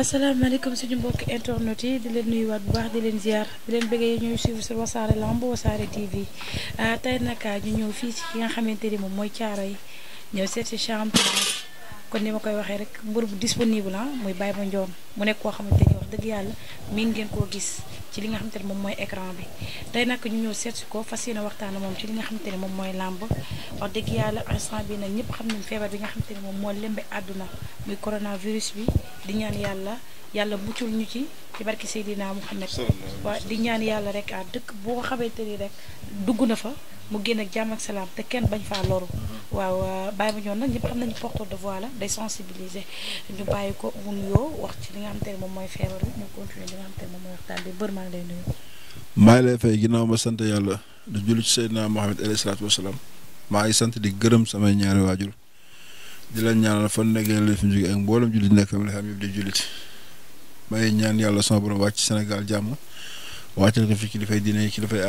asalaamaaleykum suñu mbokki internet yi di leen nuyuwaat bu baax di leen ziar di leen bëggee yi ñuy suivre sur wasaare lamb wasaare TV ah, tey naka ah, ñu ñëw fii ci ki nga xamante ni moom mooy caara yi ñëw seet si champion kon ni ma koy waxee rek mbër bu disponible ah muy Baye Mandione mu nekk koo xamante ni wax dëgg yàlla miin ngeen koo gis ci li nga xamante ne moom mooy écran bi tey nag ñu ñëw seetsi ko fas yéene waxtaan moom ci li nga xamante ne moom mooy làmb wax dëgg yàlla instant bi nag ñëpp xam nañ feebar bi nga xamante ne moom moo lembe àdduna muy coronavirus bi di ñaan yàlla yàlla muccul ñu ci ci barki Seydina Mouhamed waa di ñaan yàlla rek ah dëkk boo xamante ni rek dugg na fa mu génn ak jàmm ak salaam te kenn bañ faa loru mm-hmm. waaw euh, bàyyi ma ñoon nag ñëpp xam nañu porteur de voix la day sensibiliser ñu bàyyi ko mu nuyoo wax ci li nga xam te moom mooy feebar bi ñu continuer li ngi lay nuyu maa ngi lay fay ginnaaw ma sant yàlla di julli ci Seydina Mohamed alayhi salaatu wasalaam maa ngi sant di gërëm samay ñaari waajur di leen ñaanal fan nekkee leen fi jóge ak mboolem jullit nekk mi xam yëpp di jullit may ñaan yàlla sama borom wàcc Sénégal jàmm wàccal ko fi kilifay diine yi kilifay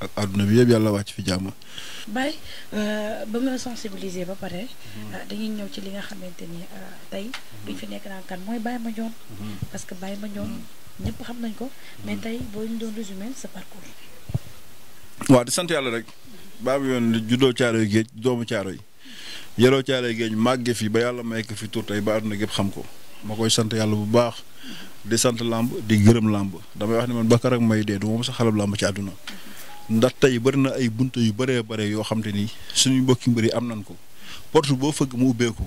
ak àdduna bi yëpp yàlla wàcc fi jàmm. Baye euh, ba ma sensibiliser ba pare. Euh, dañuy ñëw ci li nga xamante ni euh, tey. biñ fi nekk naan kan mooy Baye Mandione. Mm-hmm. parce que Baye Mandione mm-hmm. ñëpp xam nañ ko. mais mm-hmm. tey boo ñu doon résumé sa sant yàlla rek. Baye Mandione juddoo Caaroy géej doomu yi yaroo Caaroy géej màgge fi ba yàlla may ko fi tur tey ba àdduna gépp xam ko ma koy sant yàlla bu baax. di sant làmb di gërëm làmb damay wax ne man bakar ak may dee du moom sa xalab làmb ci àdduna. ndax tey bari na ay bunte yu bëree bare yoo xam ni suñu mbokki mbër yi am nañ ko porte boo fëgg mu ubbeeku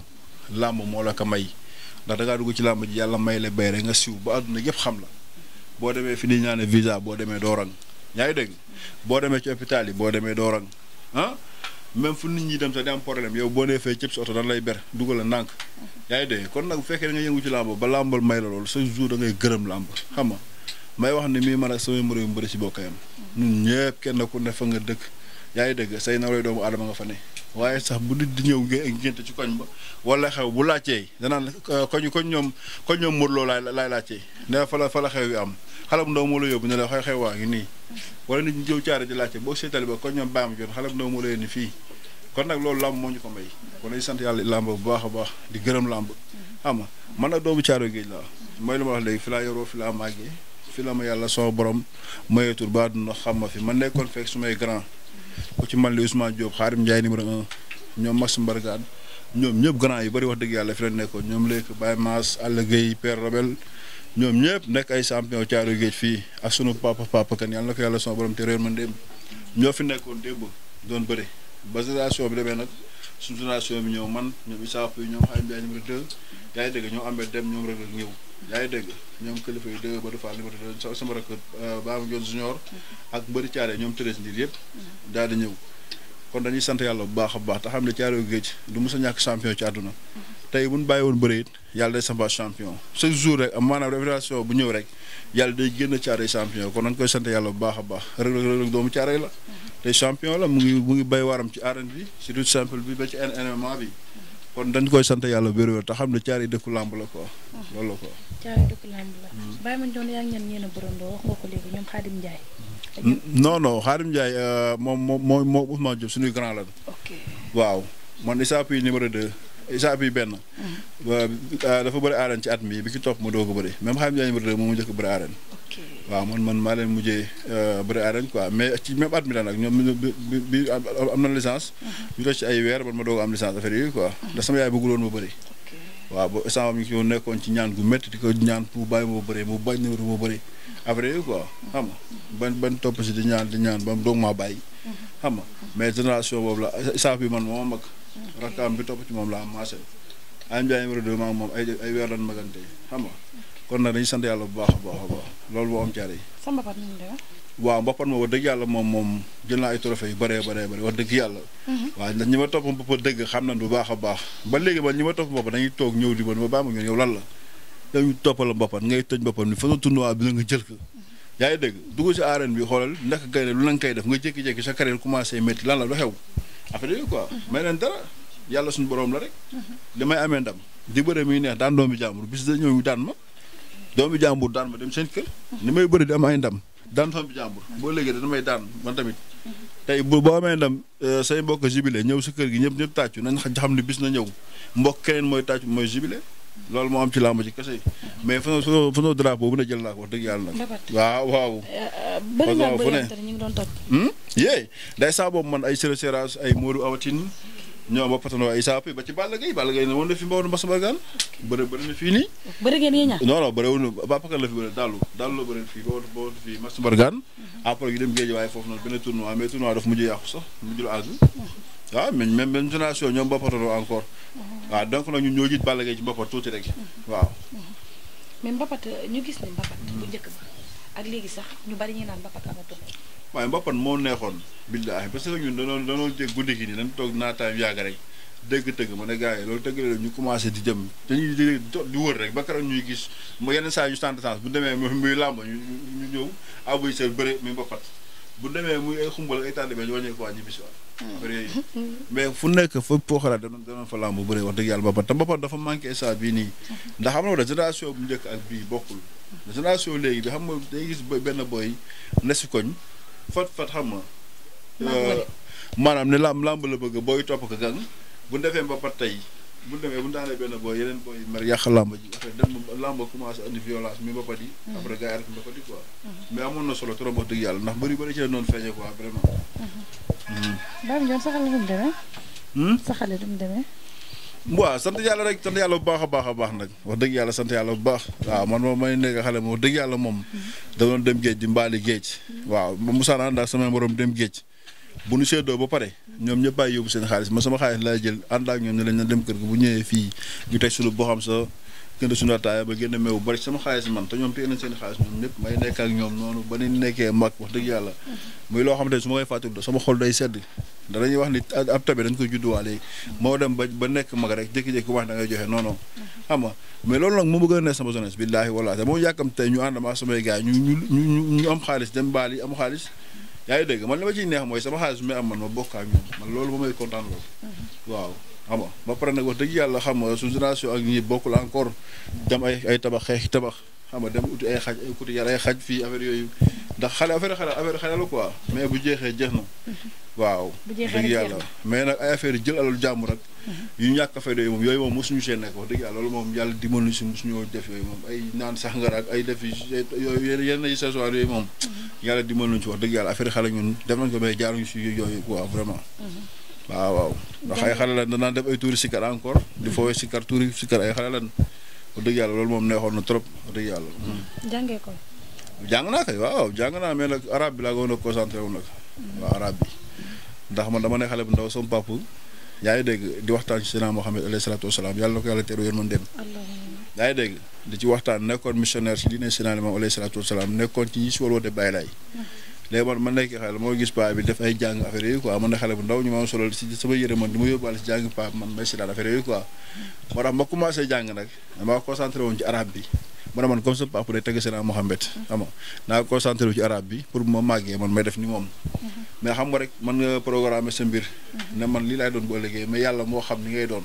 làmb moo la ko may ndax da ngaa dugg ci làmb ji yàlla may la bay rek nga siiw ba àdduna yëpp xam la boo demee fi ni ñaane visa boo demee doorang yaa ngi dégg boo demee ci boo demee doorang ah même fu nit ñi dem sax di am problème yow boo nee fee cëpp si oto dan lay ber dugal la ndànk yaa ngi dégg kon nag bu fekkee da nga ci làmb ba làmbal may la loolu chaque jour da ngay gërëm làmb xam nga may wax ne mii man a sama mbër yu bari si bokkayam ñun ñëpp kenn ku ne fa nga dëkk yaa ngi dëgg say nawlay doomu aadama nga fa ne waaye sax bu nit di ñëw ngénte ci koñ ba wala xew bu laajtee danaan euh, koñ koñ ñoom koñ ñoom mórloo laay laay laajtee ne fa la fa la xew yi am xale bu ndaw moo la yóbbu ne la xew xew waa ngi nii wala nit ñi jëw caare di laajte boo seetali ba koñ ñoom baam joon xale bu ndaw moo la yónni fii kon nag loolu làmb moo ñu ko may kon dañu sant yàlla làmb bu baax a baax di gërëm làmb xam nga man nag doomu caaro mooy lu ma wax léegi fi laa yoroo fi laa fi la ma yàlla sama borom mayeetur ba àdduna xam ma fi man nekkoon fekk su may grand ku ci man li Ousmane Diop Xaarim Ndiaye numéro un ñoom Max ñoom ñëpp grand yi bari wax dëgg yàlla fi la nekkoon ñoom léegi Baye Mass Alla Gueye Père Rabel ñoom ñëpp nekk ay champion caaru géej fii ak sunu papa papa kan yàlla na ko yàlla sama borom te réer man démb ñoo fi nekkoon démb doon bëri ba génération bi demee nag suñu génération bi ñëw man ñoom Issa Pouye ñoom Xaarim Ndiaye numéro deux yaa ngi dégg ñoom amee dem ñoom rek ñëw yaa ngi dégg ñoom kilifa yi dégg ba dafa liberté doon sama rakk euh, Baam Ndiol junior mm-hmm. ak mbëri caare ñoom tërës ndir yëpp mm-hmm. daal di ñëw kon dañuy sant yàlla bu baax a baax te xam ne caaroo géej du mos a ñàkk champion ci àdduna mm-hmm. tey bu ñu bàyyi woon it yàlla day sambaat champion chaque jour rek maanaam révélation bu ñëw rek yàlla day génn caare champion kon dañ koy sant yàlla bu baax a baax rek rek doomu caare la te champion la mu ngi mu ngi béy waram ci arène bi surtout simple bi ba ci MMA bi kon dañ koy sant yàlla bu wér-wér te xam ne caare yi dëkku làmb la quoi loolu la quoi caabi dëkk làmb la. Mm-hmm. non non Khadim Ndiaye euh, moom moom moo Ousmane Diop suñuy grand la. ok waaw man ISAP yi numéro de ISAP yi benn. Mm-hmm. Euh, dafa bëri arène ci at mi bi ci topp ma doog a bëri même Khadim Ndiaye mu njëkk a bëri arène. waaw man maa leen mujjee euh, bëri arène quoi mais ci at mi la nag ñoom bi bi am na licence. Mm-hmm. ñu def ci ay weer man ma doog am licence affaire yi quoi. ndax sama yaay bëgguloon ma bëri. waaw ba instant mi ngi nekkoon ci ñaan gu metti di ko ñaan pour bàyyi moo bëree mu bañ na mu bëree après quoi xam nga ban ban topp si di ñaan di ñaan ba mu doog maa bàyyi xam nga mais génération boobu la saa bi man moo mag rakkaam bi topp ci moom laa maase am Ndiaye numéro deux maa moom ay ay weer lan magante xam nga kon nag dañuy sant yàlla bu baax a baax a baax loolu boo am caare yi. waaw mbappat ma wax dëgg yàlla moom moom jël naa ay trophée yu bëree bëree bëri wax dëgg yàlla mhm. waaw ndax ñi ma topp mbappat dëgg xam na bu baax a baax ba léegi man ñi ma topp mbappat dañuy toog ñëw di man ma baa ma ñoon yow lan la dañu toppal ngay tëj mbappat ni façon tournoi bi na nga jël ko mhm. yaa ngi dégg dugg si bi xoolal ndax gaynde lu koy def nga jékki-jékki sa carrière commencé métti lan la lu xew affaire yooyu quoi mhm. may leen dara yàlla suñu borom la rek li may amee ndam di bëre muy neex daan doomi jàmbur bis da ñëw ñu daan ma doomi jàmbur daan ma dem seen kër li may bëri di am ay ndam daan sama jàmbur boo léegi da damay daan man tamit tey bu boo amee ndam euh, say mbokk jubilé ñëw sa kër gi ñëpp ñëpp tàccu nañ xam ne bis na ñëw mbokk keneen mooy tàccu mooy jubilé loolu moo am ci làmb ci kese mais fu soo fu soo drapeau bu ne jël naa ko wax dëgg yàlla nag. waaw waaw. Euh, euh, bëri naa bëri ñu ngi doon toj. Hmm? yee day saa man ay Séré Séras ay moolu Awatine ñoo ba patandoo ay saap ba ci Balla Gaye Balla Gaye ne woon na fi Mbawu Mbass Mbargaan bëre bëre na fii nii. bëre ngeen yéen ñaar non non bëreewul Babacar la fi bëre Dallou Dallou fii Mbawu fii Mbass mhm. après yu dem géej waaye foofu noonu benn tournoi mais tournoi daf mujj yàqu sax mujjul àgg. waaw mhm. ah, même même même génération ñoom ba patandoo encore. waaw mhm. ah, donc nag ñun ñoo jiit Balla Gaye ci mboppat tuuti rek. waaw. mais mbapat ñu gis ne mbapat bu njëkk ba ak léegi sax ñu bari ñu naan waaye mbappan moo neexoon billaahi parce que ñun danoon danoon jég guddi gi nii dañ toog naataay yàgg rek dégg tëgg ma ne gars yi loolu tëgg la ñu commencé di jëm dañuy di di wër rek ba keroog ñuy gis ma yenn saa yu sant sans bu demee muy làmb ñu ñu ñëw abuy seen bëre muy bu demee muy ay xumbal ay tànn bi ñu wàññeeku waa ñu hmm. bis hmm. mais fu nekk fa pooxaraat danoon danoon fa làmb bëre wax dëgg yàlla mbappat te mbappat dafa manqué saa nii ndax xam nga génération bu njëkk ak bii bokkul hmm. génération léegi bi xam nga day gis benn boy na si koñ fat fat xam ma euh, maanaam ne làmb làmb la bëgg booy topp ko gan bu ñu defee mbapat tey bu ñu demee bu ñu daanee benn booy yeneen booy mer yàq làmb ji affaire dem làmb commencé andi violence mi mbapat yi. Mm. après gars yi rek mbapat yi quoi. Mm. mais amoon na solo trop wax dëgg yàlla ndax bëri bëri ci la noonu feeñee quoi vraiment. Baam mm-hmm. mm. Ndiol saxale du mu mu demee. Hmm? waaw sant yàlla rek sant yàlla bu baax a baax a baax nag wax dëgg yàlla sant yàlla bu baax waaw man moom may nekk xale moom wax dëgg yàlla moom da doon dem géej di mbaali géej waaw Moussa ànd ak sama morom dem géej bu nu seedoo ba pare ñoom ñëpp bàyyi yóbbu seen xaalis ma sama xaalis laa jël ànd ak ñoom ne lañ na dem kër gi bu ñëwee fii ñu teg sulu boo xam sa gën suñu ataaya ba génn meew bari sama xaalis man te ñoom téye nañ seen xaalis ñoom ñëpp may nekk ak ñoom noonu ba ni nekkee mag wax dëgg yàlla ma koy fàttali da sama xol day wax ni ab tabe dañ koy judduwaale moo dem ba ba nekk mag rek jékki-jékki wax da ngay joxe non non xam nga mais loolu nag moo a ne sama man ma ciy mooy sama xaalis ma bokk ak ñoom man loolu ba may kontaan loolu waaw xam nga ba pare nag wax dëgg yàlla xam nga suñu génération ak ñi bokkul encore dem ay tabax xeex tabax xam dem uti ay xaj ay kuti yàlla ay xaj fii affaire yooyu ndax xale affaire xale affaire xale la mais bu jeexee jeex na. Mhm. waaw dëgg yàlla mais nag ay affaire jël alal jàmm rek. Mhm. yu ñàkk a fay doy moom yooyu moom suñu see nekk wax dëgg yàlla loolu moom yàlla dimbali na si mosuñoo def yooyu moom ay naan sàngara ak ay def yooyu yenn yi saison yooyu moom. Mhm. yàlla di nañu si wax dëgg yàlla affaire xale ñun def nañ ko mais jaaruñu si yooyu quoi vraiment. waaw waaw ndax ay xale lan danaa def ay tuuri sikar encore di foowee sikar tuuri sikar ay xale lan wax dëgg yàlla loolu moom neexoon na trop wax dëgg yàlla. jàngee ay jàng naa kay waaw jàng naa mais nag arabe bi laa ko woon a concentré wu nag. waaw arabe bi ndax man dama ne xale bu ndaw sama papa yaa ngi dégg di waxtaan ci Seydina Mohamed alayhi salaatu wasalaam yàlla na ko yàlla teeru yéen a dem. yaa ngi dégg di ci waxtaan nekkoon missionnaire ci diine Seydina Limaamu alayhi salaatu wasalaam nekkoon ci ñi si war a woote Baye Laay léegi man man nekk xale moo gis paa bi def ay jàng affaire yooyu quoi man na xale bu ndaw ñu ma solal si sama yére man di ma yóbbaale si jàng paa man may si daal affaire yooyu quoi moo tax ma commencé jàng nag dama concentré woon ci arabe bi ma ne man comme ça papa day xam nga naa concentré wu ci bi pour bu ma màggee man may def ni moom mhm. mais xam nga rek man nga programme sa mbir mhm. ne man lii laay doon boo ëllëgee mais yàlla moo xam ni ngay doon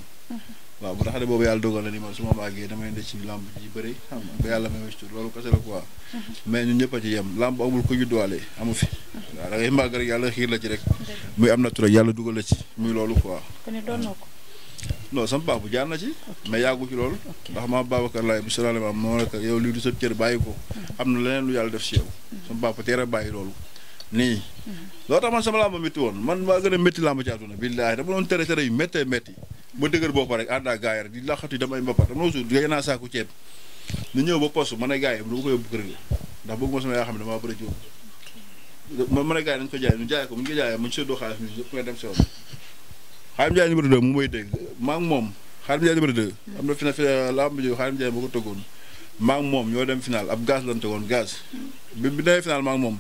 waaw bu xale boobu yàlla dogal na ni man su ma damay ne ci làmb ji bëri xam nga yàlla may wëstu loolu kese la quoi. Mhm. mais ñun ñëpp a ci yem làmb amul ku judduwaale amu fi. Mhm. muy am na tur yàlla dugal la ci muy loolu ko. non sama baax bu jaar na ci. mais ma Babacar Laye bu sëraale ma moo nekk yow mhm. yàlla def si sama baax ba teel a bàyyi loolu. nii loolu tax man sama làmb métti woon man maa gën a métti làmb ci àdduna billaahi dama doon tere tere yu méttee métti ba dëgër bopp rek ànd ak gars yi rek di laxatu damay mbapat am na suuf gay naa saaku ceeb na ñëw ba poste ma ne gars yi du ma ko yóbbu kër gi ko jaay ñu jaay ko mu ñu jaayee mu ñu séddoo xaalis yëpp dem si woon Xaadim Njaay numéro 2 mu dégg maa moom Xaadim Njaay numéro 2 na fi na fi lamb ko tëggoon maa moom ñoo dem final ab gaz lañ tëggoon gaz bi bi demee final maa moom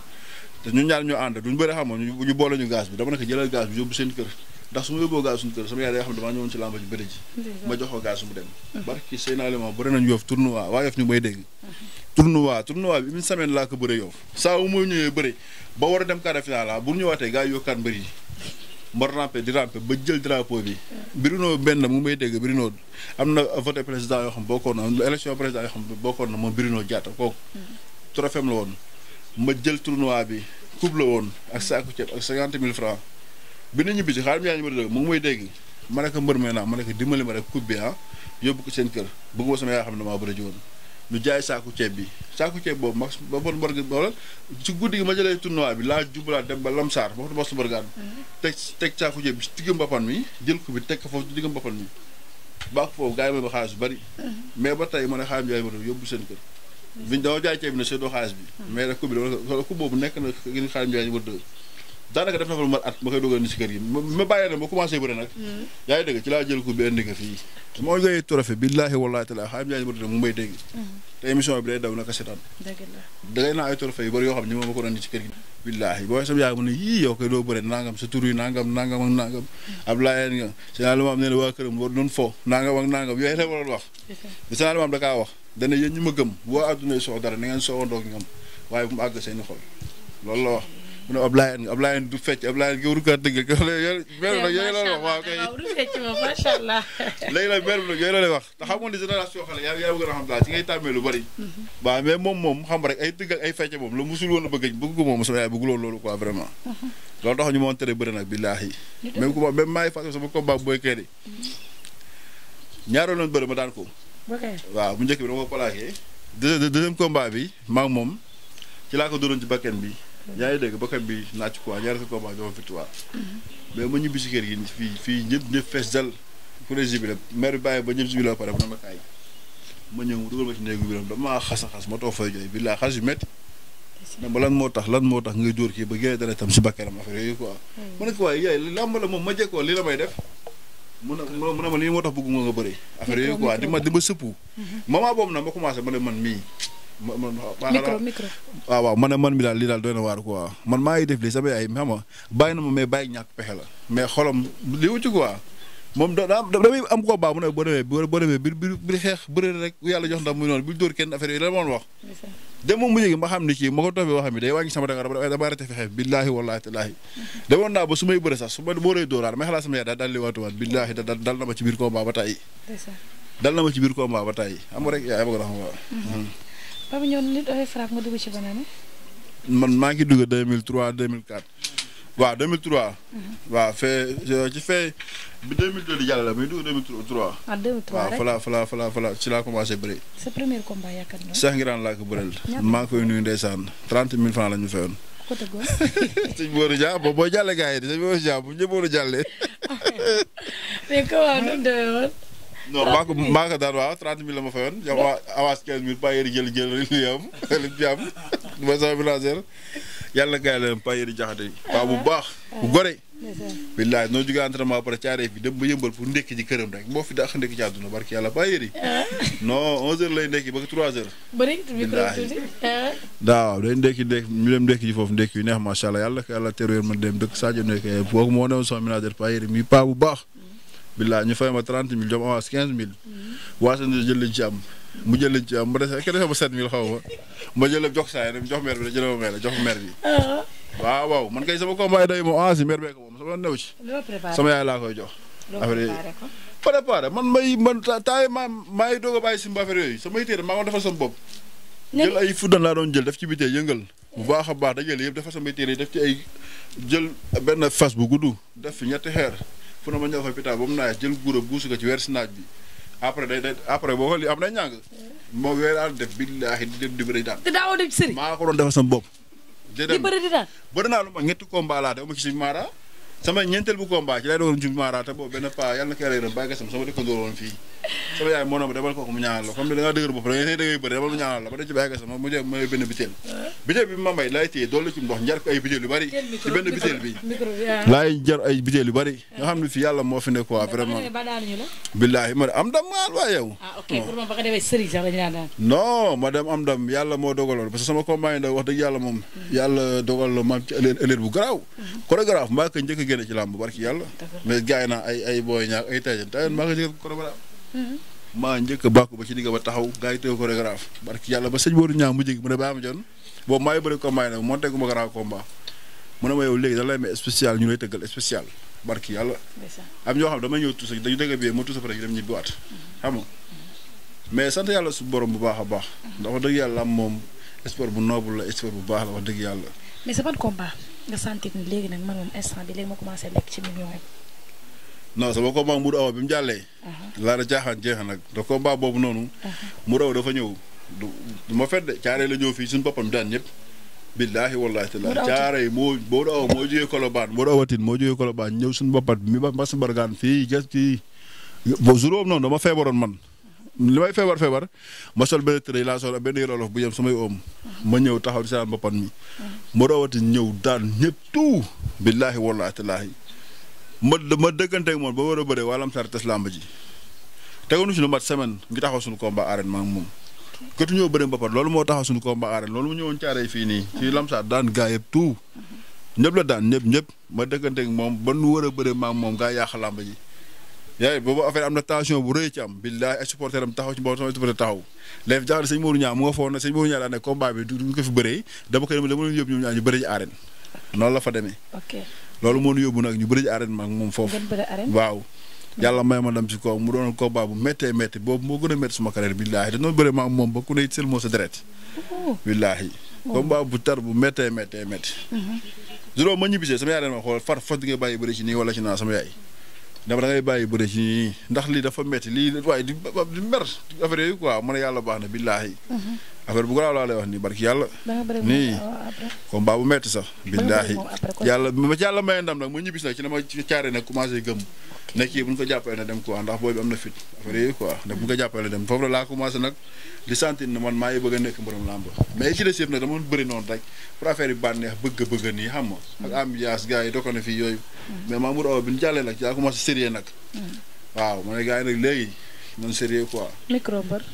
te ñun ñaar ñoo ànd duñ bëri xamoon ñu boole ñu bi dama ne jëlal gaz bi seen kër ndax su ma yóbboo gaz suñu kër sama yaay day xam ne ci làmba ji bëri ji ma jox ko gaz mu dem barki seen aliment bëri nañu yoof tournoi waa yoof ñu may dégg tournoi tournoi bi une semaine laa ko bëre yoof saa wu mooy ñëwee bëri ba a dem quart de finale la bu ñëwaatee gars yi yokkaat mbër yi ma rampe di rampe ba jël birinoo benn mu may dégg birinoo am na voté président yoo xam bokkoon na élection xam bokkoon na moom birinoo jaata kooku trophée la woon ma jël tournoi bi coupe la woon ak saaku ceeb ak cinquante mille francs bi ñu ñibbi si xaalis yaa ngi bëri dëgg mu ngi may dégg ma ne ko mbër may naa ma ne ko bi ah yóbbu ko seen kër bëgguma sama yaa xam ne damaa bëri jiwoon bi saaku ceeb boobu max ba bon borg wala ci guddi gi ma jëlee bi laa mm-hmm. bi ci digg mbappan mi jël ko bi teg ko foofu ci digg mbappan mi baax foofu gars yi ma ba xaalis bu mm-hmm. mais ba tey ma ne xaalis jaay ma yóbbu seen kër mm-hmm. biñ dama jaay bi ne seedoo xaalis bi mais rek coupe bi wala coupe boobu nekk na xaalis jaay ñu daanaka def na fa lu ma koy dogal ni si kër gi ma bàyyee na ma commencé nag hmm. yaa ngi dégg jël ko bi indi ko fii hmm. te émission bi ko nangam sa tur yi nangam nangam hmm. ab laayeen nga sénat lu ma am waa këram war doon fo nangam ak nangam yooyu la waroon wax sénat lu ma da kaa wax dana yéen ñu ma gëm boo àdduna sox dara na ngeen soxandoog ñoom waaye bu mu àgg seeni xol loolu la wax mu ne Ablaye nga Ablaye du fecc Ablaye yow ruukaat dëgg yow yooyu la wax waaw kay macha allah wax te xam nga ni génération xale yaa yaa bëgg a xam daal ci ngay tàmmee lu bari mhm. waaw mais moom moom xam ay dëgg ak ay fecc moom lu musul a bëgg bëgg ko moom loolu quoi vraiment mhm. loolu tax ñu moon tere bëri nag billaahi ma même maa ngi fàttali sama combat booy kay di mhm. ñaaroo loon bëri ma daan ko waaw bu njëkk bi dama ko plaqué deuxième combat bi maa moom ci laa ko dóoroon ci bakken bi yaa ngi dégg bakkan bi naaj quoi ñaari sa combat ñoo victoire mais ma ñibbi si kër gi fii fii ñëpp ñëpp fees dal ku ne jibile maire bàyyi ba ñëpp jibile ba pare ma kaay ma ñëw dugal ma ci bi dama xas a xas ma toog fay jooy bi laa xas yu métti moo tax lan moo tax ngay dóor kii ba génne dara tam si bakkanam affaire yooyu quoi mu hmm. ne ma jekkoo li la may def mun a a ma lii moo tax bëgg nga nga bëri affaire yooyu ma di hmm. ma ne man mii micro micro. waaw waaw man man mi daal lii daal doy na waar quoi man maa ngi def lii sama yaay xam nga bàyyi na ma bàyyi ñàkk pexe la mais xolam li wu ci quoi moom da damay am koo baax mu ne jox ndam muy noonu bi moom mu ma xam ni kii ma ko toppee waxam bi day wàññi sama danga dama dama arrêté fexe billaahi wallaahi tallaahi mm-hmm. demoon naa ba su may bëre su ma boo rëy dóoraat may sama yaay daal daal li waatuwaat billaahi daal na ma ci biir combat ba tàyyi dal na ma ci biir combat ba tàyyi xam rek yaay ma ko Pape ñëw nit dugg ci beneen man maa ngi dugg 2003 2004. waaw 2003. Mhm. waaw fee euh, ci fee bi 2002 di jàll la muy dugg 2003. ah 2003 waaw fa laa fa laa fa laa fa ci laa commencé bëri. sa premier combat yaakaar naa. Cheikh Ngiraan laa ko bëreel. maa ngi koy nuyu ndeysaan 30 000 francs la ñu fayoon. ko tëggoon. sëñ Bourou Dia boo boo jàllee gars yi di sëñ Bourou Dia bu ñu ñëwoon a jàllee. non maa daan waaw 30 000 la ma fayoon jox ma avance 15 000 Pape Yéri jël jël li am li fi am mooy sama financier yàlla gaay la Pape Yéri Jaxate paa bu ah. baax bu gore noo jógee dem ba yëmbal pour ndekki ci këram rek moo fi daax ndekki ci àdduna barki yàlla Pape Yéri ah. non 11h lay ndekki ba 3h. bëri ah. daaw day ndekki ndekki ñu dem paa bu baax billaay ñu fay ma trente mille jom avance quinze jël lañ ci am. mu jël lañ ci am mu des ak ba sept mille xaw ma ma jël jox saa yi jox mère bi rek jëlal ma mère jox mère bi. Ah. waaw waaw man kay sama day moom avance yi mère bee ko moom sama new ci. sama yaay laa jox. affaire préparé man may man taay maa maa ngi doog a si affaire yooyu samay téere maa ngi defal sama bopp. jël ay fudan laa doon jël def ci bitee yëngal. bu baax a baax dajale yëpp defal samay téere def ci ay jël benn fas bu gudd def fi ñetti xeer fu na ma ñëw fa pita ba mu naaj jël guura guusu ko ci weer si naaj bi après day day après boo ko lii am day ñàng moo weer daal def billaahi di di bëri daan. te daawoo dem ci sëriñ. maa ko doon defal di bëri daan bëri lu ma ñetti combat laa def ma ci maara sama ñeenteel bu combat ci lay doon ci maara te boobu benn paa yàlla na ko yàlla yërëm gasam sama dëkkandoo woon fii sama yaay moo noonu demal kooku mu ñaanal la comme ni da ngaa dëgër bopp da ngay da ngay bëri demal ba da ci bàyyi sama mu jëm may benn bitéel bitéel bi ma may laay téye doolu ci ndox njar ko ay bitéel bi bari nga fi yàlla moo fi nekk quoi vraiment billaahi ma am dam maal waa yow ah, non ma dem am dam yàlla moo dogaloon parce que sama combat yi ndaw wax dëgg yàlla moom yàlla dogal la maam ci ëllëg ëllëg bu garaaw mm-hmm. chorégraphe maa ko njëkk a ci làmb barki yàlla mais gaay naa ay booy ñaak ay tajan tajan maa ko njëkk maa njëkk a bàkku ba ci digg ba taxaw gars yi tëgg ko barki yàlla ba sëñ booru ñaa mu jëg mu ne baa ma jon boobu maa bëri combat yi nag monté gu ma dañu dëgg bi ma tuusa pare ñu dem ñibbi waat xam mais sant yàlla su borom bu baax a baax ndax wax dëgg yàlla am moom sport bu noble la sport bu baax la wax dëgg yàlla mais sa ban combat nga sentir ni léegi nag man moom instant bi léegi ma commencé nekk ci million non sama combat Modou Awa bi mu jàllee. Uh-huh. laa jeex nag da combat boobu noonu. Uh-huh. Modou Awa dafa ñëw du ma fedd caaree la ñëw fii suñu boppam daan ñëpp. billaahi wallaahi taalaa caaree moo Modou Awa moo jógee Colobane Modou Awa Tine moo jógee Colobane ñëw suñu boppat mi ba Mbass Mbargaan fii gis fii. ba jour noonu dama feebaroon man. Uh-huh. li may feebar feebar ma sol benn tëre benn yore bu yem samay oom. ma ñëw taxaw di seetaan mi. Modou Awa ñëw daan ñëpp tout. billaahi wallaahi taalaa ma ma dëgganteeg moom ba war a bëre wàllam sar tes làmb ji teguñu si lu mat semaine ngi taxaw suñu combat arène maa moom jotu ñoo bëre mbapat loolu moo taxaw suñu combat arène loolu mu ñëwoon caaree fii nii fii lamsaar daan gaa yëpp tout ñëpp la daan ñëpp ñëpp ma dëkkanteeg moom ba nu war a bëre maa moom gaa yàq làmb ji yaay boobu affaire am na tension bu rëy ci am billaay ay supporter am taxaw ci boo sama supporter taxaw léegi jaaxle sëñ Modou Niang mu nga foog ñaar ñu bëri ci noonu la fa demee loolu moo ñu yóbbu nag ñu bëri ci arène ma moom foofu. waaw. yàlla may ma dem ci kaw mu doon combat bu méttee métti boobu moo gën a métti suma carrière billaahi dañoo bëri ma moom ba ku ne sel moo sa deret. bu tar bu méttee méttee métti. Mhm. juróom ma ñibbisee sama yaay dañ ma xool far fot nga bàyyi bëri ci nii wala ci naa sama yaay. dama da ngay bàyyi bëri ci nii ndax lii dafa metti lii waaye di mer affaire yooyu quoi man yàlla baax na billaahi mhm. affaire bu garaaw laa lay wax nii barki yàlla. nii yàlla ma ci yàlla may ndam nag ma ñibbis nag ci dama caare nag commencé gëm. ne kii bu ñu ko jàppale na dem quoi ko jàppale na dem foofu laa commencé nag di sentir man maa ngi bëgg a nekk mbërëm làmb mais ci des yëpp nag dama bëri noonu rek pour affaire yi bëgg bëgg nii xam nga. ak hmm. ambiance gars yi doog na fii yooyu. Hmm. mais Mamour Awa bi jàllee nag yaa commencé sérieux nag. Hmm. waaw ma nag léegi man sérieux quoi.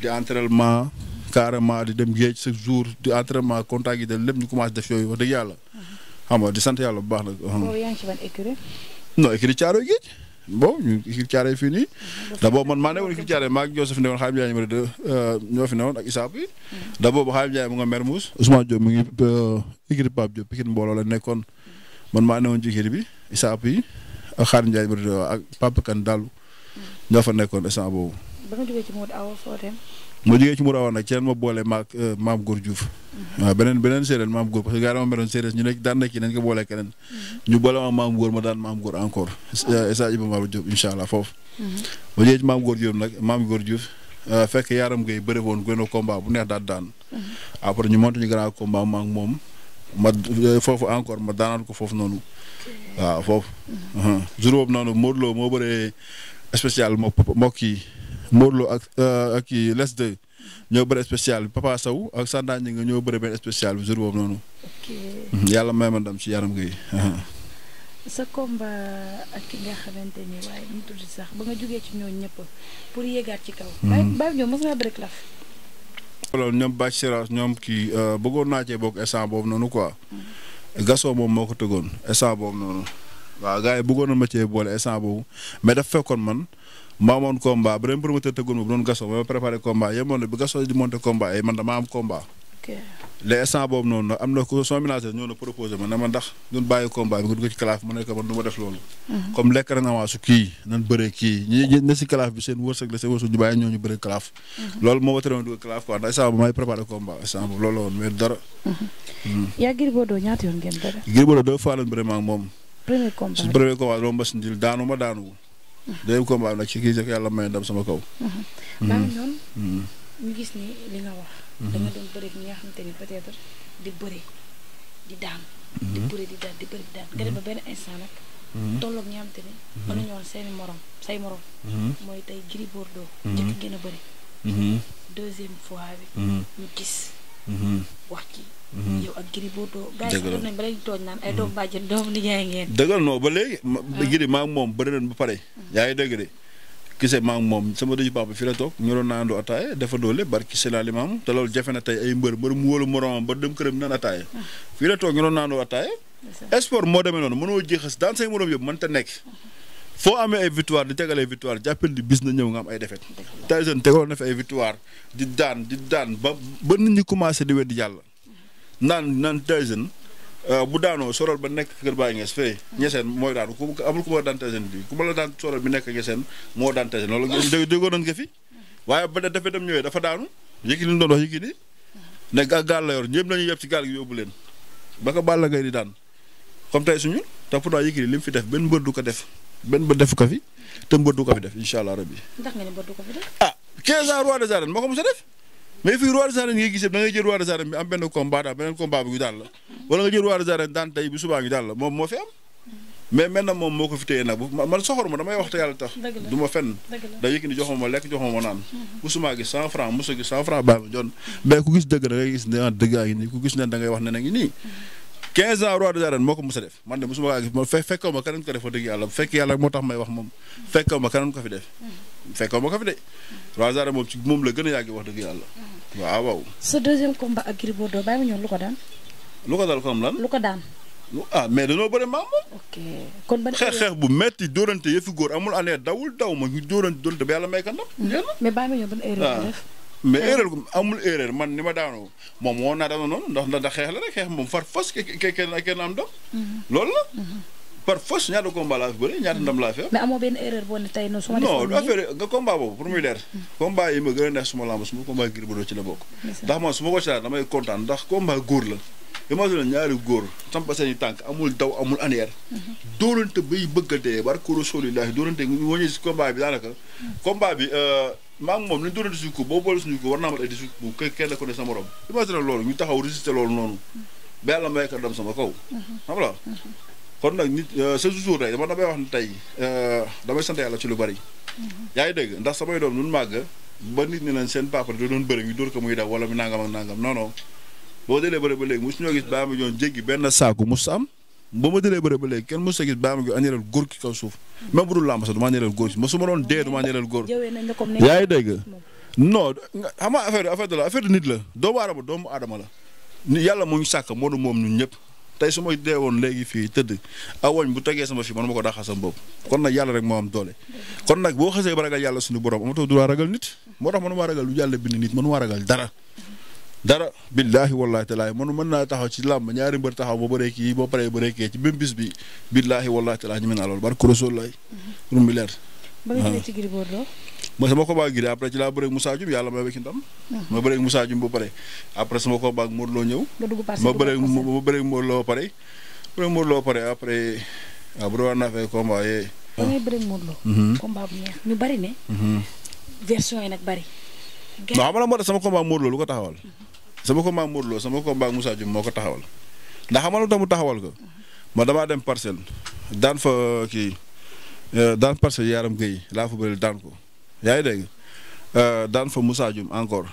di entraînement carrément di dem géej chaque jour di entraînement contact yi dem lépp ñu commencé def yooyu wax dëgg yàlla. xam nga di sant bu baax nag. boobu yaa ngi ci ban écurie. non écurie géej bon ñu écurie Thiaroye fii ni mm-hmm. d'abord man maa newoon écurie Thiaroye maa ngi Joseph newoon Khadim Ndiaye numéro 2 euh, ñoo fi newoon ak Issa yi. Mm-hmm. d'abord ba Khadim Ndiaye mu nga Mermoz Ousmane Diop mu ngi euh, écurie Pape Diop Pikine mbooloo la nekkoon mm-hmm. man maa newoon ci écurie bi Issa yi ak Khadim ak Papa Kane ñoo fa nekkoon instant boobu. ma jógee ci Moura woon nag ci leen ma boole maak euh, maam Góor Diouf mhm. waaw beneen beneen séeréer maam góor parce que gaa dama meroon ñu ne daan na kii nañ ko boole keneen mhm. ñu boole ma maam góor ma daan maam góor encore Issa ah. euh, Iba Mar Diop incha allah foofu mhm. ma jógee nag maam góor euh, fekk yaaram ngay bëri woon gën a combat bu neex daal daan après ñu monté ñu grand combat moom ma foofu encore ma daanaat ko foofu noonu waaw foofu uh-huh. jour boobu noonu Modou loo moo bëree spécial moo mbokk yi Modou Lo ak euh, ak kii les deux ñoo bëri spécial bi Papa Sow ak Sanda ñi nga ñoo bëri benn spécial bi boobu noonu. Mhm. yàlla may ma ndam ci yaram gi. Mhm. sa combat ak ki nga xamante ni waaye nu mu sax ba nga jógee ci ñooñu ñëpp pour yéegaat ci kaw. bàyyi ñoom mhm. mos ngaa loolu ñoom bàcc séerans ñoom kii euh, bëggoon naa cee bokk instant boobu noonu quoi. gasoo moom moo ko tëggoon instant boobu noonu. waaw gars bëggoon na ma cee boobu mais daf fekkoon man. ma amoon combat beneen promoteur ma bu doon gaso ma préparé combat na nag na ku soo ménagé ñoo ma ma ndax ñun bàyyi combat bi nga dugg ci kalaaf ma ne ko man du ma def loolu. Mhm. comme lekk na avance kii nan bëree mhm. ma teree dugg kalaaf quoi ndax instant may préparé combat instant loolu mhm. moom. premier combat premier daanu deuxième combat nag ci kii yàlla may dem sama kaw. Uh-huh. maam ñoom. ñu gis ni li nga wax. Uh-huh. da nga doon bëri ñi nga xamante ni peut di bëri di daan. Uh-huh. di bëri di daan di bëri di daan nga ba benn instant nag. tolloog ñi nga xamante ni. mën nañu woon say morom. mooy tey Gris Bordeaux. njëkk gën a bëri. fois bi. ñu gis. Mm-hmm. wax ci mm-hmm. ak Gris Bordeaux gars yi ba leen tooñ naan ay doomu ba léegi ah. Gris maa ngi moom bëri nañ ba pare mm. yaa ngi dëgg de gise maa moom sama dëju papa fi la toog ñu doon naandu ataaye dafa doole barki si laa limaam te loolu jafe na tey ay mbër mbër mu wóolu moromam ba dem këram naan ataaye ah. fii la toog ñu doon naandu ataaye sport moo demee noonu mënoo jéexas daan say morom yëpp mënta nekk ah. foo amee ay victoire di tegal ay victoire jàppal ni bis na ñëw nga am ay défaite Tyson tegoon na fi ay victoire di daan di daan ba ba nit ñi commencé di weddi yàlla naan naan Tyson euh, bu daanoo sorol ba nekk kër Baye Nges fee ñeseen mooy daan ku amul ku ma daan bi ku ma la daan sorol bi nekk ñeseen moo daan Tyson loolu dé déggoo nañ ko fi waaye ba dafa dem ñëwee dafa daanu yëkki li ñu doon wax yëkki ni ne gaal la yor ñëpp nañu yeb ci gaal gi yóbbu leen ba ko Balla Gaye di daan comme tey suñu te pourtant yëkki li mu fi def benn mbër du ko def benn bët def ko fi te mbër du ko fi def incha allah rabbi. ndax nga ne ah 15 roi des arènes moo ko mos a def mais fii roi des arènes ngay gisee jël roi des arènes am benn combat daal beneen combat bi gu daal la wala nga jël roi des arènes daan tey bu subaa ngi daal la moom moo fi am. mais moom moo ko fi téye nag bu man soxor ma damay wax te yàlla tax. du ma fenn. da jox mhm. ma ma lekk jox ma ma naan. musuma gis cent franc musu gis cent franc baax ma jon mais ku gis dëgg da ngay gis ah, 15 ans roi des arènes moo ko mos a def man de mosuma kaa gis ma fekkoo ma keneen ko def fa moo tax may wax moom fekkoo ma keneen ko fi def mm-hmm. fekkoo ma ko fi de moom la gën a yàgg wax dëgg yàlla mm-hmm. waaw waaw sa deuxième combat ak Gris Bordeaux bàyyi ma ñëw lu ko daan lu ko dal ko am lan lu ko daan ah mais dañoo bëri maam moom. ok kon ban xeex xeex bu metti dóorante yëfi góor amul année dawul daw ma ñu dóorante dóorante ba yàlla may ka ndam. Mm-hmm. mais bàyyi ma ñëw ban erreur ah. def mais erreur amul erreur man ni ma daanoo moom moo naa daanoo noonu ndax ndax xeex la rek xeex moom far fas kenn kenn am ndam. Mhm. la. Mhm. par force ñaata combat laa fi bëri ñaata ndam ma defoon non affaire nga combat boobu mhm. ma gën a ko seetaan damay kontaan ndax combat góor la. tànk amul daw amul aneer. doolante bay bëgg a dee barke Rasulillahi doolante wóññi si combat bi daanaka. combat bi. Euh, maa moom li ñu doon discours ko boo boole suñu ko war naa amal ay discours bu kenn ku ne sa morom ñu taxaw résister loolu noonu ba yàlla may a dem sama kaw kon nag nit euh, sa jour day dama damay wax ne tey euh, damay sant yàlla ci lu bari yaa ngi dégg ndax samay doom nun màgg ba nit ñi leen seen papa da doon bëri ñu dóor ko muy daw wala mi nangam ak nangam non non boo deelee bëri ba léegi mosu ñoo gis baa mi doon jéggi benn saaku mos am ba ma dëree bëre ba léegi kenn mos a gis ma ngi añeelal góor ki kaw suuf même bu dul làmb sax du ma añeelal góor si ma su ma doon dee du ma añeelal ngi dégg non xam nga affaire affaire la nit la doomu aadama doomu aadama la yàlla mu ñu sàkk moo nu moom ñun ñëpp tey su ma dee woon léegi fii tëdd awoñ bu tegee sama fii man ma ko daxal sama bopp kon nag yàlla rek moo am doole kon nag boo xasee ba yàlla suñu borom amatoo du ragal nit moo tax man maa ragal lu yàlla bind nit man maa ragal dara dara billaahi wallaahi taalaa man mën naa taxaw ci làmb ñaari mbër taxaw ba bëree kii ba paree bëree kee ci même bis bi billaahi wallaahi taalaa ñu mel ne alors barke Rasulullaay. Mhm. rum bi leer. ba nga jëlee ah. ci Gris laa bëree ak yàlla may wekk ndam. Mhm. ma bëree ak Moussa Dioum sama combat ak Modou loo ñëw. ma dugg parcelle ma bëree ma bëree ak Modou ba pare. ma bëree ak Modou Lo ba pare après waaw bu doon war naa fay combat yee. ba ngay bëree ak Modou Lo. Mhm. bu neex ñu bari ne. version yi nag bari. gerte waaw xam nga moo tax sama combat Modou Lo lu ko taxawal sama ko Modou Lo sama combat Moussa Dioum moo ko taxawal ndax xamal tax mu taxawal ko ma damaa dem parcelle daan fa kii euh, daan parcelle yaaram Guèye laa fa bëri daan ko yaa ngi dégg euh, daan fa Moussa Dioum encore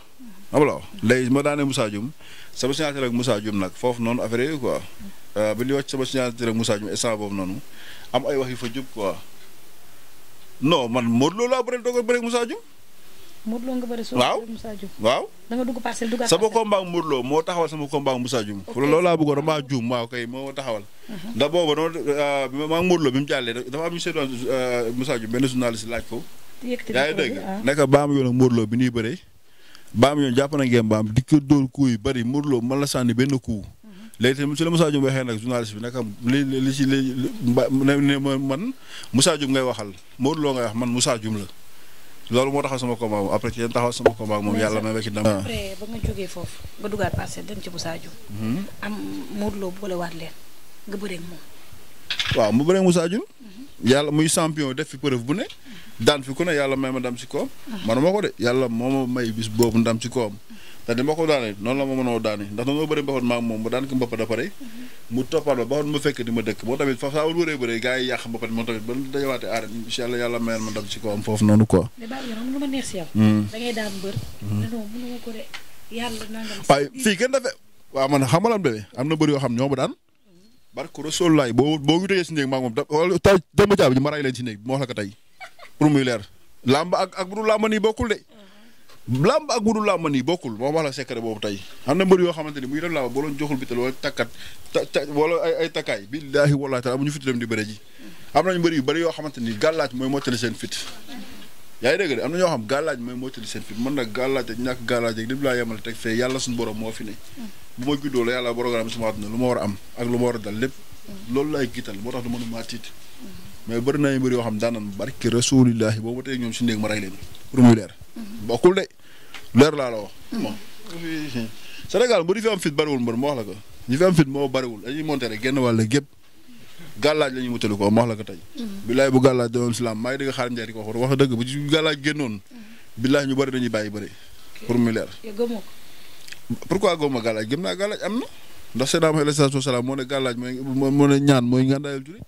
xam nga léegi ma daanee Moussa Dioum sama signature ak Moussa Dioum nag foofu noonu affaire yi quoi euh, bi li wàcc sama signature ak Moussa Dioum instant boobu noonu am ay wax yu fa jub quoi non man Modou Lo laa bëri doog a bëri Moussa Modou Lo nga bëri soo waaw Moussa da nga dugg parcelle dugg sama combat Modou Lo moo taxawal sama combat Moussa Dioum loolu laa bëggoon damaa juum waaw kay moo taxawal mhm. ndax booba noonu euh, maa ngi bi mu jàllee dafa am ñu seetaan euh, Moussa Dioum benn journaliste laaj ko yaa ngi dégg ah. naka baam yoon ak bi ñuy bëree baam yoon jàpp na ngeen baam di ko yu bëri Modou Lo mën la sànni benn coup mhm. léegi tamit su la Moussa Dioum waxee nag journaliste bi naka li li man Moussa Dioum ngay waxal Modou Lo ngay wax man Moussa Dioum la loolu moo taxaw sama combat moom après ci leen taxaw sama combat moom yàlla may wekk ndam. ba nga jógee foofu ba dugaat parcelle dem ci Moussa Dioum. Hmm? am Modou Lo boolewaat leen nga bëreeg moom. waaw mu bëreeg Moussa hmm. yàlla muy champion def fi preuve bu ne. daan fi ku ne yàlla may ma ndam si koom. Hmm. man moo ko de yàlla moo ma may bis boobu ndam si koom. ndax dama ko noonu la ma mënoo daane ndax noonu bëri a pare mu toppaat ba ba mu fekk ma dëkk moo tamit fa saawul bëree bëree gars yi yàq mbapat moom tamit ba dajawaate aaren incha allah yàlla mayal ma ndam ko am ma neex hmm. daan mbër hmm. xam nga lan am na bëri yoo xam ñoo ma daan hmm. barke Rasul laay boo boo ñu tëjee si néeg maa moom ta dama jaabi ñu ma ray leen si néeg moo wax ko tey pour muy leer làmb ak ak bu dul làmb nii bokkul de làmb ak budul làmb nii bokkul moo wax la secret boobu tey am na mbër yoo xamante ni muy def làmb boo dem di bëre ji am nañ moo fi lu ma war ma tiit mais bëri na mbër yoo xam daanan barki rasulillahi boobu tey ñoom si néeg ma rey leen pour muy leer bokkul de leer laa la wax. Hmm. bon Sénégal mbër yi fi am fit bariwul mbër ma wax la ko ñi fi am fit moo bariwul a monter rek genn wàll gépp gàllaaj la ñuy mutali ko ma wax la ko tey. Hmm. billaay bu gàllaaj doon silam maa ngi dégg xaar Ndiaye di ko wax wax dëgg bu ci gàllaaj génnoon. Hmm. billaay ñu bari dañuy bàyyi bëri. pour mu leer. gëmoo ko. pourquoi gëmuma gàllaaj gëm naa gàllaaj am na ndax Seydina Muhammad sallallahu alayhi wa sallam moo ne gàllaaj mooy moo ne ñaan mooy ngàndaayal julit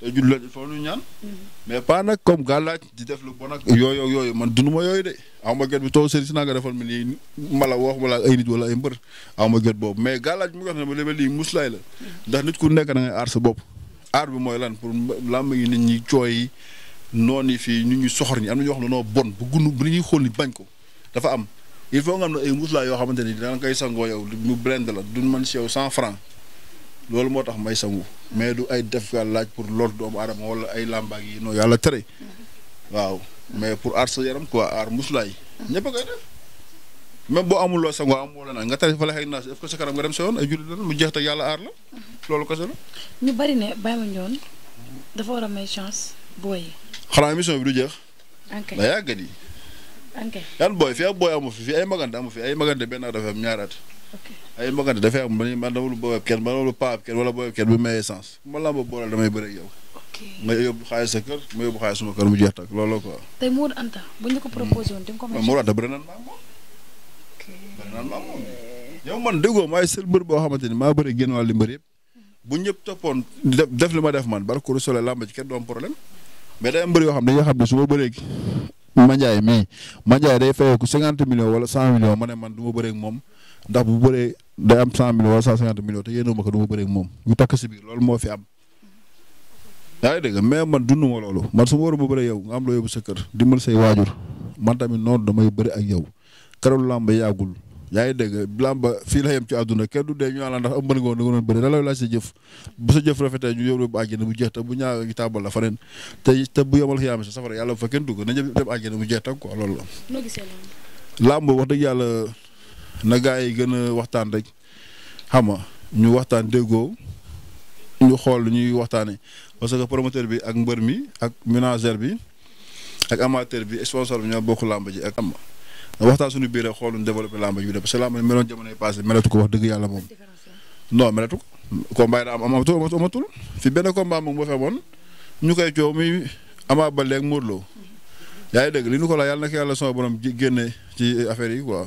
te ñun loolu il faut ñu ñaan. Mm-hmm. mais pas nag comme gàllaaj di def lu bon ak. yooyu yooyu man dunu ma yooyu de am ma gët bi toog sëriñ si naa nga defal ma nii mala wax ma la ay nit wala ay mbër aw ma gët mais gàllaaj bi mu wax ne ma demee lii la. Mm-hmm. ndax nit ku nekk da ngay sa bopp. aar bi mooy lan pour làmb yi nit ñi cooy yi noon yi fii ñu ñi soxor ñi am na ñoo xam ne noo bon bu gunu bu ñuy xool ni bañ ko dafa am il faut nga am na ay muslaay yoo xamante ni dana koy sangoo yow mu blend la duñ man si yow cent francs loolu moo tax may sangu mais du ay def ka laaj pour lool doomu aadama wala ay làmbaag yi non yàlla tere waaw mais pour aar sa yaram quoi aar musulaay ñëpp a boo amul loo sangu amul la nga tari fa la xëy naas def ko sa dem sa yoon ay jullit lan mu jeex te yàlla aar la loolu kese la. ñu bari ne Baye Mandione dafa war a may chance booy yi. xanaa bi du jeex. ok da yàggat yi. ok yan booy fii ak booy amu fi fii ay magante amu fi ay magante benn dafa am ñaaraat. ay mbokante dafay am man man dama lu booy kenn man lu paa may essence ma laa ma damay bëre yow. nga yóbbu xaalis sa kër ma yóbbu suma kër mu jeex tak looloo quoi. la ko proposé woon di nga ko. Mour Anta bëri naan maa moom. ok bëri naan mbër boo xamante ni maa bëri génn wàllu mbër yëpp bu ñëpp toppoon def def li ma def man barke Rasuul làmb ci kenn du am problème mais day mbër yoo xam ne dañoo xam ne su ma bëree Mandiaye mii Mandiaye day fayeeku cinquante millions wala cent millions ma man du ma bëree moom ndax bu bëree day am cent millions wala cent cinquante millions te yéen ma ko du ma bëree ak moom ñu takk si biir loolu moo fi am. yaa ngi mais man dund ma loolu man su ma war a bëree yow nga am loo yóbbu sa kër dimbal say waajur man tamit noonu damay bëri ak yow keroog làmb yàggul la yem ci àdduna kenn du dee ñu àla ndax ëmb nga woon da nga doon bëri da lay laaj sa jëf bu sa jëf rafetee ñu yóbbu bu àjjana bu jeex te bu ñaaw gi tàbbal te bu yemal xiyaam sa safara yàlla bu fa kenn dugg na ñëpp dem àjjana bu jeex tag quoi loolu la làmb wax dëgg yàlla na gaa yi gën a waxtaan rek xam nga ñu waxtaan déggoo ñu xool lu ñuy waxtaanee parce que promoteur bi ak mbër mi ak manager bi ak amateur bi sponsor bi ñoo bokk làmb ji ak xam nga waxtaan suñu biir rek développé làmb ji bi de parce que làmb ji meloon jamonoy passé melatu ko wax dëgg yàlla moom non melatu ko. combat yi daa am amatul amatul fi benn combat moom boo fee woon ñu koy coow muy Ama Baldé ak Modou Lô yaa ngi dégg li ñu ko la yàlla na ko yàlla sama borom génne ci affaire yi quoi.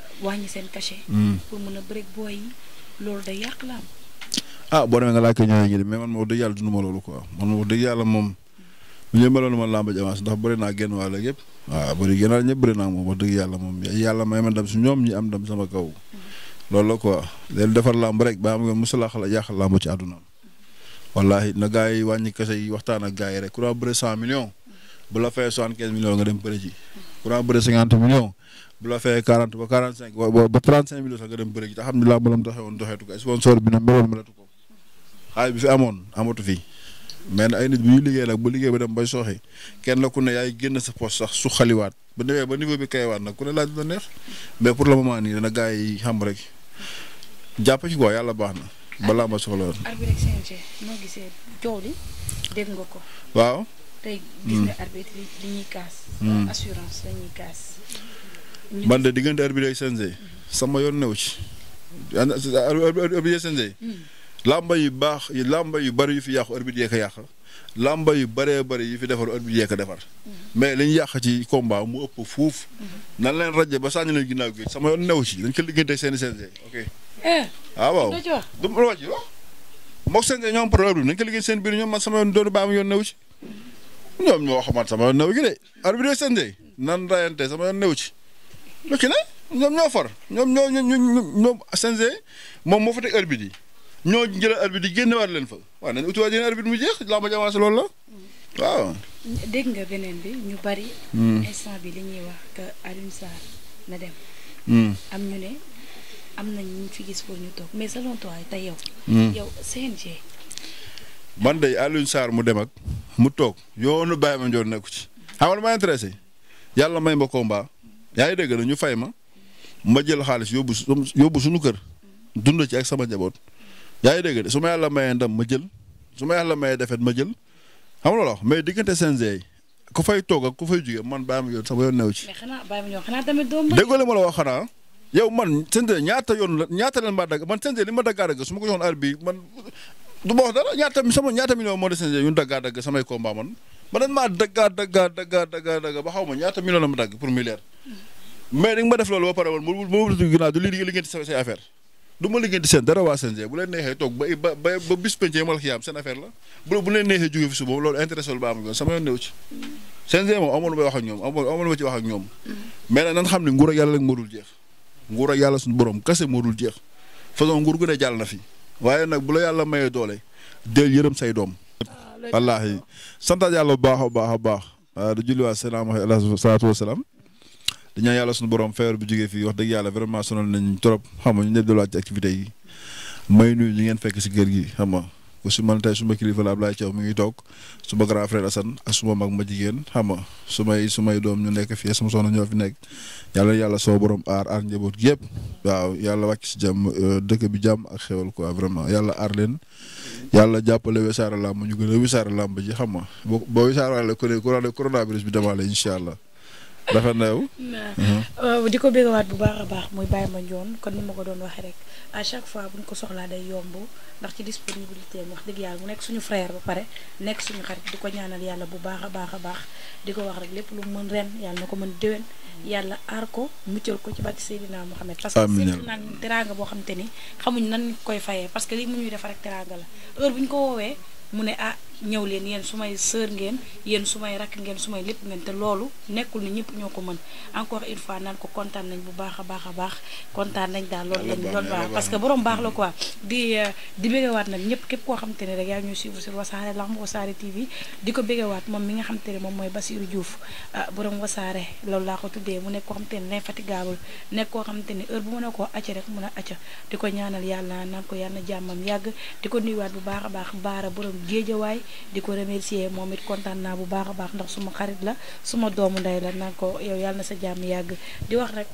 wàññi seen cachet. Mm. pour mën a bëreeg ah, boo demee nga laaj ko ñooñu ñu de mais dëgg yàlla dunduma loolu quoi man ma wax dëgg yàlla moom. bu ñu meloon ma làmb avance ndax bari naa genn wàll yëpp waaw bëri genn wàll ñëpp bëri naa moom wax dëgg yàlla moom yàlla may ma dem si ñoom ñi am dem sama kaw. Mm-hmm. loolu la ko leen defar làmb rek ba am nga la xala yàq làmb ci àdduna am mm-hmm. wallaahi na gaa yi wàññi kese yi waxtaan ak gars yi rek ku la bëre cent millions mm-hmm. bu la fayee soixante quinze millions nga dem bëre ji ku la bëre cinquante millions bu la fee quarante ba quarante cinq ba trente cinq millions sax nga dem bëri ji te xam ne laa mënoon doxee woon doxeetu ko sponsor bi na meloon melatu ko xaalis bi fi amoon amatu fi mais nag ay nit bu ñuy liggéey nag bu liggéey ba dem bay sooxe kenn la ku ne yaay génn sa poche sax su xaliwaat ba demee ba niveau bi kayewaat nag ku ne laaj la neex mais pour le moment nii dana gars yi xam rek jàpp ci quoi yàlla baax na. balaa ma soxla woon. arbitre CNG noo gisee coow li dégg nga ko. waaw. tey gis nga hmm. arbitre li ñuy kaas. Hmm. assurance la ñuy kaas. man de diggante arbitre ak CNG sama yoon new ci arbitre CNG hmm. lamba yu baax lamba yu bari yu fi yàqu arbitre yee ko yàq lamba yu baree bari yi fi defar arbitre yee ko defar hmm. mais li ñu yàq ci komba mu ëpp fuuf hmm. nan leen rajo ba sànni leen ginnaaw gi sama yoon new ci dañ ko liggante ak seen CNG ok eh, ah waaw du ma ci wax mook CNG ñoo am problème nañ ko liggéey seen biir ñoom man sama yoon doonu baa ma yoon new ci ñoom ñoo xamaat sama yoon new gi de arbitre CNG nan rayante sama yoon new ci lu ci ne ñoom ñoo for ñoom ñu ñoom CNG moom moo fa teg arbitre yi ñoo jël arbitre yi génne war leen fa waaw nañu utiwaat bi ñu bari. Hmm. instant bi li ñuy wax que Alioune Sarr na dem. Hmm. am ñu ne am na ñu fi gis pour ñu toog mais selon toi tey yow. Hmm. yow CNG. man de Alioune Sarr mu dem ak mu toog yoonu bàyyi ma njoon nekku ci xam nga ma intéressé yàlla may ma combat. yaa ngi dégg na ñu fay ma ma jël xaalis yóbbu su yóbbu suñu kër dund ci ak sama njaboot yaa ngi dégg de su ma yàlla mayee ndam ma jël su ma yàlla mayee defet ma jël xam nga wax mais diggante CNG yi ku toog ak ku man bàyyi ma yoon sama yoon new ci. mais xanaa bàyyi yow man CNG ñaata yoon la ñaata leen ma dagg man CNG li ma daggaa dagg su ma ko joxoon ar bi man du ma wax dara ñaata sama ñaata million moo de CNG yu ñu daggaa dagg samay combat ba dañ maa daggaa daggaa daggaa daggaa daggaa ba xaw ma ñaata million la ma dagg pour mu mais ni nga ma def loolu ba pare woon mu mu ginnaaw du lii li ngeen di say affaire du ma li ngeen di seen dara waa CNG bu leen neexee toog ba ba ba bis penc yi ma la xiyaam seen affaire ak ñoom amul amul ma xam ne nguur ak yàlla rek moo jeex nguur yàlla suñu borom kese moo dul jeex façon nguur gu ne jàll na fi waaye nag bu la yàlla mayee doole del yërëm say doom wallaahi santaat yàlla bu baax a baax a baax di julliwaat salaam alayhi salaatu wa salaam ñaan yàlla suñu borom feebar bu jógee fii wax dëgg yàlla vraiment sonal nañ trop xam nga ñu ñëpp delluwaat ci may nuyu ñu ngeen fekk si kër gi xam nga ku si man tey suma kilifa la Ablaye Thiaw mi ngi toog suma grand frère Assane ak suma mag ma jigéen xam nga sumay sumay doom ñu nekk fii sama soxna ñoo fi nekk yàlla yàlla soo borom aar aar njaboot yëpp waaw yàlla wàcc si jàmm dëkk bi jàmm ak xewal quoi vraiment yàlla aar yàlla jàppale Wassare Lamb ñu gën a Wassare Lamb ji xam nga boo boo Wassare Lamb coronavirus bi dama la incha rafet na yow. waaw di ko bëggawaat bu baax a baax muy Baye Mandione kon ni ma ko doon waxee rek à chaque fois bu ñu ko soxlaa day yomb ndax ci disponibilité am wax dëgg yàlla mu nekk suñu frère ba pare nekk suñu xarit di ko ñaanal yàlla bu baax a baax a baax di ko wax rek lépp lu mu mën ren yàlla na ko mën déwén. yàlla aar ko muccal ko ci bàtti Seydina Mohamed parce que seetlu naa teraanga boo xam te ni xamuñ nan koy fayee parce que lii mu ñuy def rek teraanga la ñëw leen yéen su may sœur ngeen yéen su may rakk ngeen su may lépp ngeen te loolu nekkul ni ñëpp ñoo ko mën encore une fois naan ko kontaan nañ bu baax a baax a baax kontaan nañ daal loolu lañ loolu baax parce que borom baax la quoi di euh, di béggewaat nag koo xam ne rek yaa ñuy suivre sur wasaare lamb wasaare TV di ko béggewaat moom mi nga xam ne moom mooy Basirou Diouf ah, borom wasaare loolu laa ko tuddee mu nekk koo xam te ne infatigable nekk koo xam te ne heure bu mën a koo acca rek mën a acca di ko ñaanal yàlla naan ko yàlla jàmmam yàgg di ko nuyuwaat bu baax a baax baara borom géejawaay di ko remercier moom it kontaan naa bu baax a baax ndax suma xarit la suma doomu ndey la naan ko yow yàlla na sa jàmm yàgg di wax rek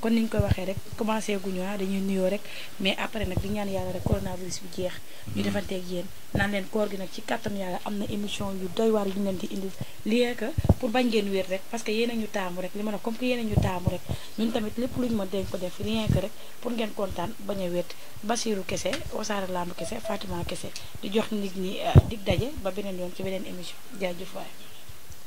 kon euh, ni ñu koy waxee rek commencé guñu ah dañuy nuyoo rek mais après nag di ñaan yàlla rek coronavirus bi jeex ñu mm-hmm. defanteeg yéen naan leen koor gi nag ci kàttan yàlla am na émission yu doy waar yu leen di indi lien que pour bañ ngeen wér rek parce que yéen ñu taamu rek li ma ne comme que yéen a ñu taamu rek ñun tamit lépp lu ñu mën dee ko def rien que rek pour ngeen kontaan bañ a wéet Basiirou kese Wassare Lamb kese Fatima kese jox nit ñi euh, dig daje ba beneen yoon ci beneen émission jaajëf waay